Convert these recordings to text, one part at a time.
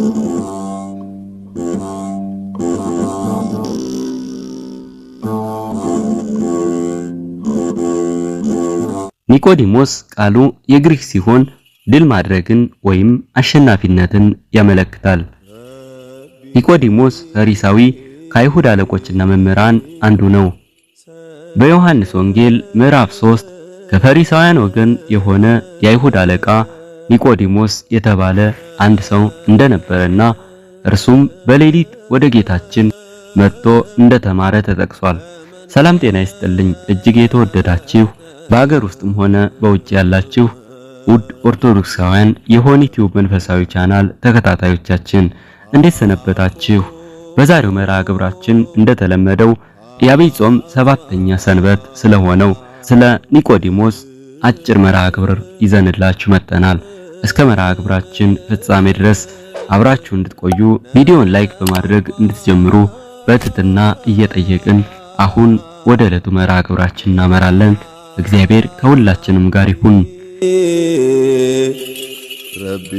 ኒቆዲሞስ ቃሉ የግሪክ ሲሆን ድል ማድረግን ወይም አሸናፊነትን ያመለክታል። ኒቆዲሞስ ፈሪሳዊ ከአይሁድ አለቆችና መምህራን አንዱ ነው። በዮሐንስ ወንጌል ምዕራፍ 3 ከፈሪሳውያን ወገን የሆነ የአይሁድ አለቃ ኒቆዲሞስ የተባለ አንድ ሰው እንደነበረና እርሱም በሌሊት ወደ ጌታችን መጥቶ እንደተማረ ተጠቅሷል። ሰላም ጤና ይስጥልኝ። እጅግ የተወደዳችሁ በአገር ውስጥም ሆነ በውጭ ያላችሁ ውድ ኦርቶዶክሳውያን የሆኒ ቲዩብ መንፈሳዊ ቻናል ተከታታዮቻችን እንዴት ሰነበታችሁ? በዛሬው መርሃ ግብራችን እንደተለመደው የአብይ ጾም ሰባተኛ ሰንበት ስለሆነው ስለ ኒቆዲሞስ አጭር መርሃ ግብር ይዘንላችሁ መጥተናል። እስከ መርሃ ግብራችን ፍጻሜ ድረስ አብራችሁ እንድትቆዩ ቪዲዮን ላይክ በማድረግ እንድትጀምሩ በትህትና እየጠየቅን አሁን ወደ ዕለቱ መርሃ ግብራችን እናመራለን። እግዚአብሔር ከሁላችንም ጋር ይሁን። ረቢ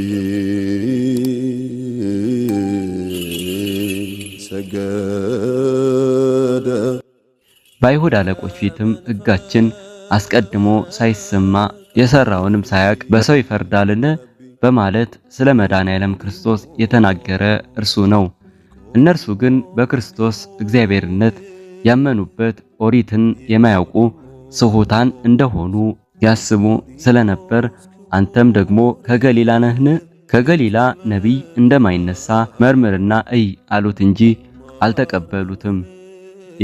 ሰገደ። በአይሁድ አለቆች ፊትም ሕጋችን አስቀድሞ ሳይሰማ የሰራውንም ሳያውቅ በሰው ይፈርዳልን? በማለት ስለ መድኃኔዓለም ክርስቶስ የተናገረ እርሱ ነው። እነርሱ ግን በክርስቶስ እግዚአብሔርነት ያመኑበት ኦሪትን የማያውቁ ስሑታን እንደሆኑ ያስቡ ስለነበር አንተም ደግሞ ከገሊላ ነህን? ከገሊላ ነቢይ እንደማይነሳ መርምርና እይ አሉት እንጂ አልተቀበሉትም።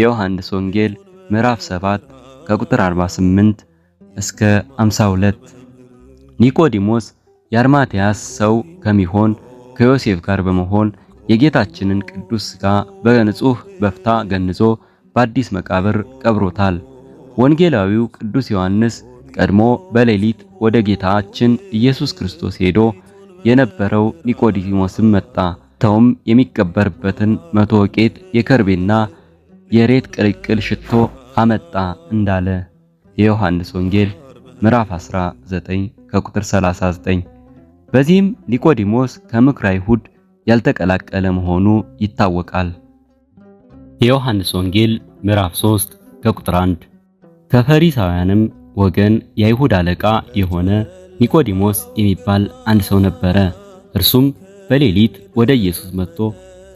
የዮሐንስ ወንጌል ምዕራፍ 7 ከቁጥር 48 እስከ 52 ኒቆዲሞስ የአርማትያስ ሰው ከሚሆን ከዮሴፍ ጋር በመሆን የጌታችንን ቅዱስ ሥጋ በንጹሕ በፍታ ገንዞ በአዲስ መቃብር ቀብሮታል። ወንጌላዊው ቅዱስ ዮሐንስ ቀድሞ በሌሊት ወደ ጌታችን ኢየሱስ ክርስቶስ ሄዶ የነበረው ኒቆዲሞስም መጣ። ተውም የሚቀበርበትን መቶ ወቄት የከርቤና የሬት ቅልቅል ሽቶ አመጣ እንዳለ የዮሐንስ ወንጌል ምዕራፍ 19 ከቁጥር 39። በዚህም ኒቆዲሞስ ከምክረ አይሁድ ያልተቀላቀለ መሆኑ ይታወቃል። የዮሐንስ ወንጌል ምዕራፍ 3 ከቁጥር 1። ከፈሪሳውያንም ወገን የአይሁድ አለቃ የሆነ ኒቆዲሞስ የሚባል አንድ ሰው ነበረ። እርሱም በሌሊት ወደ ኢየሱስ መጥቶ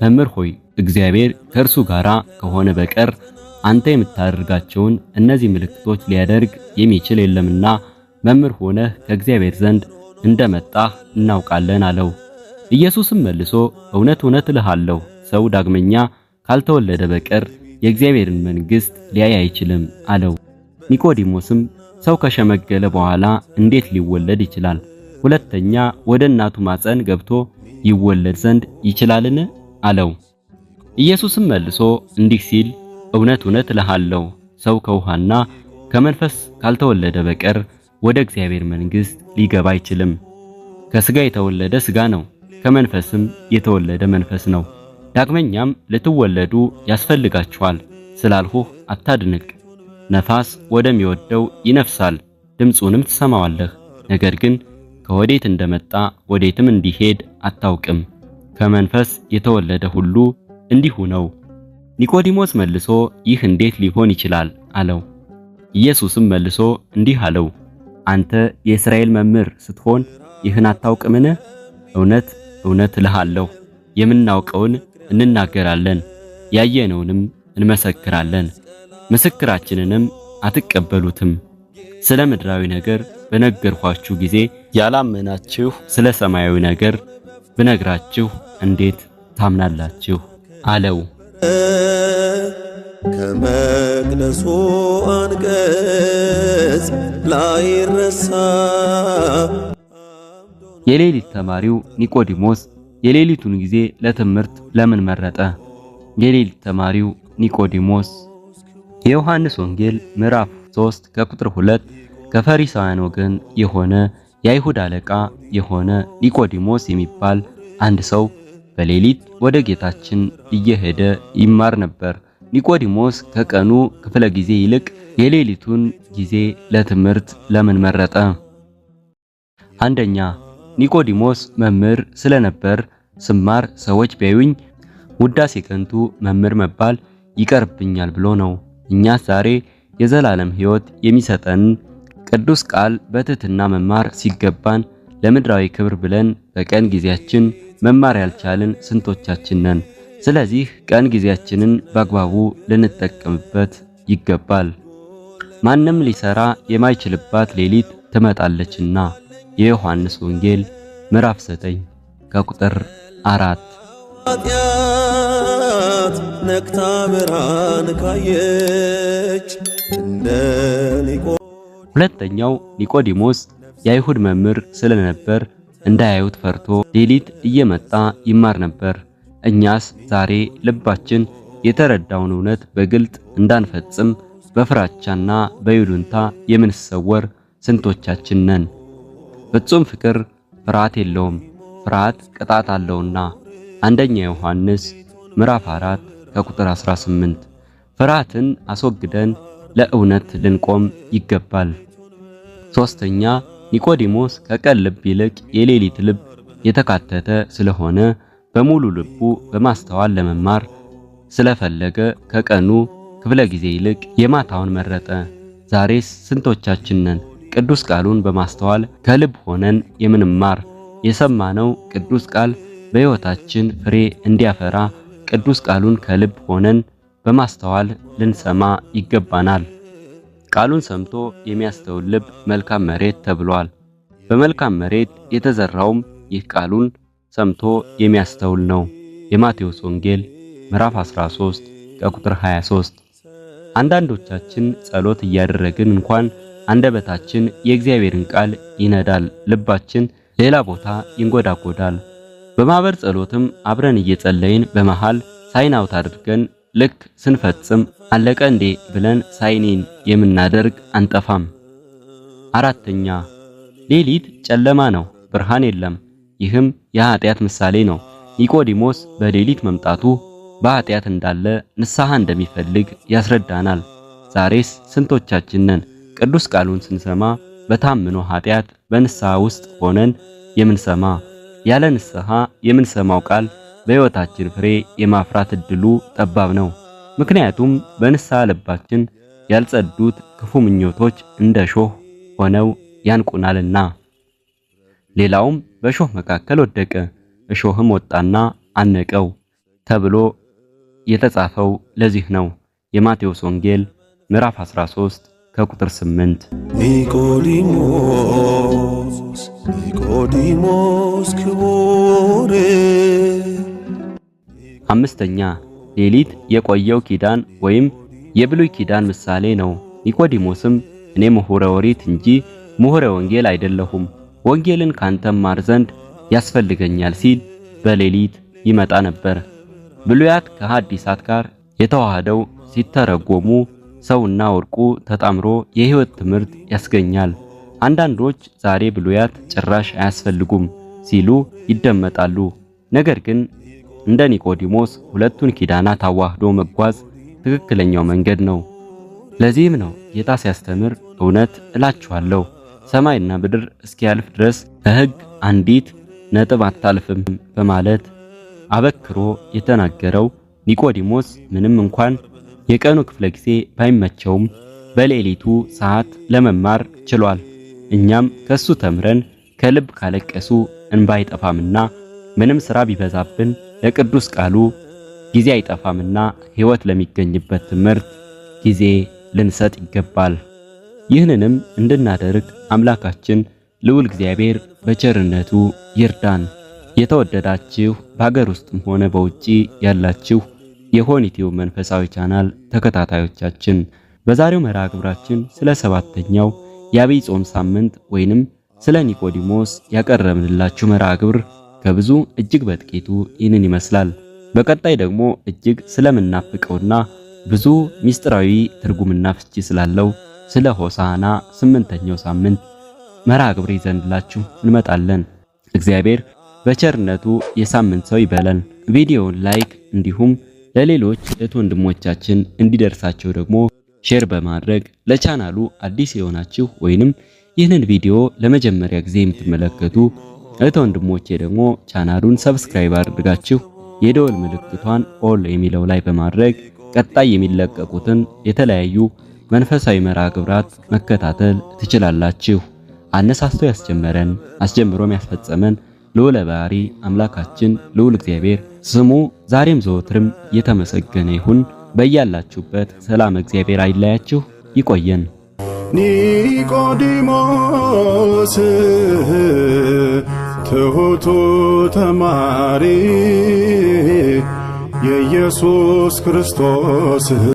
መምህር ሆይ እግዚአብሔር ከእርሱ ጋራ ከሆነ በቀር አንተ የምታደርጋቸውን እነዚህ ምልክቶች ሊያደርግ የሚችል የለምና መምህር ሆነህ ከእግዚአብሔር ዘንድ እንደመጣህ እናውቃለን አለው። ኢየሱስም መልሶ እውነት እውነት እልሃለሁ ሰው ዳግመኛ ካልተወለደ በቀር የእግዚአብሔርን መንግሥት ሊያይ አይችልም አለው። ኒቆዲሞስም ሰው ከሸመገለ በኋላ እንዴት ሊወለድ ይችላል? ሁለተኛ ወደ እናቱ ማፀን ገብቶ ይወለድ ዘንድ ይችላልን? አለው። ኢየሱስም መልሶ እንዲህ ሲል እውነት እውነት እልሃለሁ ሰው ከውሃና ከመንፈስ ካልተወለደ በቀር ወደ እግዚአብሔር መንግሥት ሊገባ አይችልም። ከሥጋ የተወለደ ሥጋ ነው፣ ከመንፈስም የተወለደ መንፈስ ነው። ዳግመኛም ልትወለዱ ያስፈልጋችኋል ስላልሁህ አታድንቅ። ነፋስ ወደሚወደው ይነፍሳል፣ ድምፁንም ትሰማዋለህ፣ ነገር ግን ከወዴት እንደመጣ ወዴትም እንዲሄድ አታውቅም። ከመንፈስ የተወለደ ሁሉ እንዲሁ ነው። ኒቆዲሞስ መልሶ ይህ እንዴት ሊሆን ይችላል አለው። ኢየሱስም መልሶ እንዲህ አለው፣ አንተ የእስራኤል መምህር ስትሆን ይህን አታውቅምን? እውነት እውነት እልሃለሁ የምናውቀውን እንናገራለን፣ ያየነውንም እንመሰክራለን፣ ምስክራችንንም አትቀበሉትም። ስለ ምድራዊ ነገር በነገርኳችሁ ጊዜ ያላመናችሁ፣ ስለ ሰማያዊ ነገር ብነግራችሁ እንዴት ታምናላችሁ? አለው። ከመቅደሱ አንቀጽ ላይረሳ የሌሊት ተማሪው ኒቆዲሞስ የሌሊቱን ጊዜ ለትምህርት ለምን መረጠ? የሌሊት ተማሪው ኒቆዲሞስ የዮሐንስ ወንጌል ምዕራፍ 3 ከቁጥር 2 ከፈሪሳውያን ወገን የሆነ የአይሁድ አለቃ የሆነ ኒቆዲሞስ የሚባል አንድ ሰው በሌሊት ወደ ጌታችን እየሄደ ይማር ነበር። ኒቆዲሞስ ከቀኑ ክፍለ ጊዜ ይልቅ የሌሊቱን ጊዜ ለትምህርት ለምን መረጠ? አንደኛ ኒቆዲሞስ መምህር ስለነበር ስማር ሰዎች ቢያዩኝ ውዳሴ ከንቱ መምህር መባል ይቀርብኛል ብሎ ነው። እኛ ዛሬ የዘላለም ሕይወት የሚሰጠን ቅዱስ ቃል በትህትና መማር ሲገባን ለምድራዊ ክብር ብለን በቀን ጊዜያችን መማር ያልቻልን ስንቶቻችን ነን? ስለዚህ ቀን ጊዜያችንን በአግባቡ ልንጠቀምበት ይገባል። ማንም ሊሰራ የማይችልባት ሌሊት ትመጣለችና የዮሐንስ ወንጌል ምዕራፍ 9 ከቁጥር 4 ኃጢአት ብርሃን ካየች እንደ ሁለተኛው ኒቆዲሞስ የአይሁድ መምህር ስለነበር እንዳያዩት ፈርቶ ሌሊት እየመጣ ይማር ነበር። እኛስ ዛሬ ልባችን የተረዳውን እውነት በግልጥ እንዳንፈጽም በፍራቻና በይሉንታ የምንሰወር ስንቶቻችን ነን? ፍጹም ፍቅር ፍርሃት የለውም፣ ፍርሃት ቅጣት አለውና አንደኛ ዮሐንስ ምዕራፍ 4 ከቁጥር 18። ፍርሃትን አስወግደን ለእውነት ልንቆም ይገባል። ሶስተኛ ኒቆዲሞስ ከቀን ልብ ይልቅ የሌሊት ልብ የተካተተ ስለሆነ በሙሉ ልቡ በማስተዋል ለመማር ስለፈለገ ከቀኑ ክፍለ ጊዜ ይልቅ የማታውን መረጠ። ዛሬስ ስንቶቻችን ነን ቅዱስ ቃሉን በማስተዋል ከልብ ሆነን የምንማር? የሰማነው ቅዱስ ቃል በሕይወታችን ፍሬ እንዲያፈራ ቅዱስ ቃሉን ከልብ ሆነን በማስተዋል ልንሰማ ይገባናል። ቃሉን ሰምቶ የሚያስተውል ልብ መልካም መሬት ተብሏል። በመልካም መሬት የተዘራውም ይህ ቃሉን ሰምቶ የሚያስተውል ነው። የማቴዎስ ወንጌል ምዕራፍ 13 ከቁጥር 23። አንዳንዶቻችን ጸሎት እያደረግን እንኳን አንደበታችን የእግዚአብሔርን ቃል ይነዳል፣ ልባችን ሌላ ቦታ ይንጎዳጎዳል። በማኅበር ጸሎትም አብረን እየጸለይን በመሃል ሳይናውት አድርገን ልክ ስንፈጽም አለቀ እንዴ ብለን ሳይኒን የምናደርግ አንጠፋም። አራተኛ ሌሊት ጨለማ ነው፣ ብርሃን የለም። ይህም የኃጢአት ምሳሌ ነው። ኒቆዲሞስ በሌሊት መምጣቱ በኃጢአት እንዳለ ንስሐ እንደሚፈልግ ያስረዳናል። ዛሬስ ስንቶቻችን ነን ቅዱስ ቃሉን ስንሰማ በታምኖ ኃጢአት በንስሐ ውስጥ ሆነን የምንሰማ? ያለ ንስሐ የምንሰማው ቃል በሕይወታችን ፍሬ የማፍራት እድሉ ጠባብ ነው። ምክንያቱም በንስሐ ልባችን ያልጸዱት ክፉ ምኞቶች እንደ ሾህ ሆነው ያንቁናልና። ሌላውም በሾህ መካከል ወደቀ፣ እሾህም ወጣና አነቀው ተብሎ የተጻፈው ለዚህ ነው። የማቴዎስ ወንጌል ምዕራፍ 13 ከቁጥር 8። ኒቆዲሞስ ኒቆዲሞስ ክቡር አምስተኛ ሌሊት የቆየው ኪዳን ወይም የብሉይ ኪዳን ምሳሌ ነው። ኒቆዲሞስም እኔ ምሁረ ኦሪት እንጂ ምሁረ ወንጌል አይደለሁም፣ ወንጌልን ካንተም ማር ዘንድ ያስፈልገኛል ሲል በሌሊት ይመጣ ነበር። ብሉያት ከሐዲሳት ጋር የተዋሃደው ሲተረጎሙ ሰውና ወርቁ ተጣምሮ የሕይወት ትምህርት ያስገኛል። አንዳንዶች ዛሬ ብሉያት ጭራሽ አያስፈልጉም ሲሉ ይደመጣሉ። ነገር ግን እንደ ኒቆዲሞስ ሁለቱን ኪዳናት አዋህዶ መጓዝ ትክክለኛው መንገድ ነው። ለዚህም ነው ጌታ ሲያስተምር እውነት እላችኋለሁ ሰማይና ምድር እስኪያልፍ ድረስ በሕግ አንዲት ነጥብ አታልፍም በማለት አበክሮ የተናገረው። ኒቆዲሞስ ምንም እንኳን የቀኑ ክፍለ ጊዜ ባይመቸውም በሌሊቱ ሰዓት ለመማር ችሏል። እኛም ከሱ ተምረን ከልብ ካለቀሱ እንባ አይጠፋምና ምንም ሥራ ቢበዛብን ለቅዱስ ቃሉ ጊዜ አይጠፋምና ሕይወት ለሚገኝበት ትምህርት ጊዜ ልንሰጥ ይገባል። ይህንንም እንድናደርግ አምላካችን ልዑል እግዚአብሔር በቸርነቱ ይርዳን። የተወደዳችሁ በሀገር ውስጥም ሆነ በውጪ ያላችሁ የሆኒቲው መንፈሳዊ ቻናል ተከታታዮቻችን በዛሬው መርሃ ግብራችን ስለ ሰባተኛው የአብይ ጾም ሳምንት ወይንም ስለ ኒቆዲሞስ ያቀረብንላችሁ መርሃ ግብር ከብዙ እጅግ በጥቂቱ ይህንን ይመስላል። በቀጣይ ደግሞ እጅግ ስለምናፍቀውና ብዙ ሚስጥራዊ ትርጉምና ፍቺ ስላለው ስለ ሆሳና ስምንተኛው ሳምንት መርሃ ግብር ይዘንላችሁ እንመጣለን። እግዚአብሔር በቸርነቱ የሳምንት ሰው ይበለን። ቪዲዮውን ላይክ እንዲሁም ለሌሎች እህት ወንድሞቻችን እንዲደርሳቸው ደግሞ ሼር በማድረግ ለቻናሉ አዲስ የሆናችሁ ወይንም ይህንን ቪዲዮ ለመጀመሪያ ጊዜ የምትመለከቱ እህት ወንድሞቼ ደግሞ ቻናሉን ሰብስክራይብ አድርጋችሁ የደወል ምልክቷን ኦል የሚለው ላይ በማድረግ ቀጣይ የሚለቀቁትን የተለያዩ መንፈሳዊ መርሃ ግብራት መከታተል ትችላላችሁ። አነሳስቶ ያስጀመረን አስጀምሮም ያስፈጸመን ልዑለ ባሕሪ አምላካችን ልዑል እግዚአብሔር ስሙ ዛሬም ዘወትርም የተመሰገነ ይሁን። በያላችሁበት ሰላም እግዚአብሔር አይለያችሁ። ይቆየን። ኒቆዲሞስ ትሁቱ ተማሪ የኢየሱስ ክርስቶስ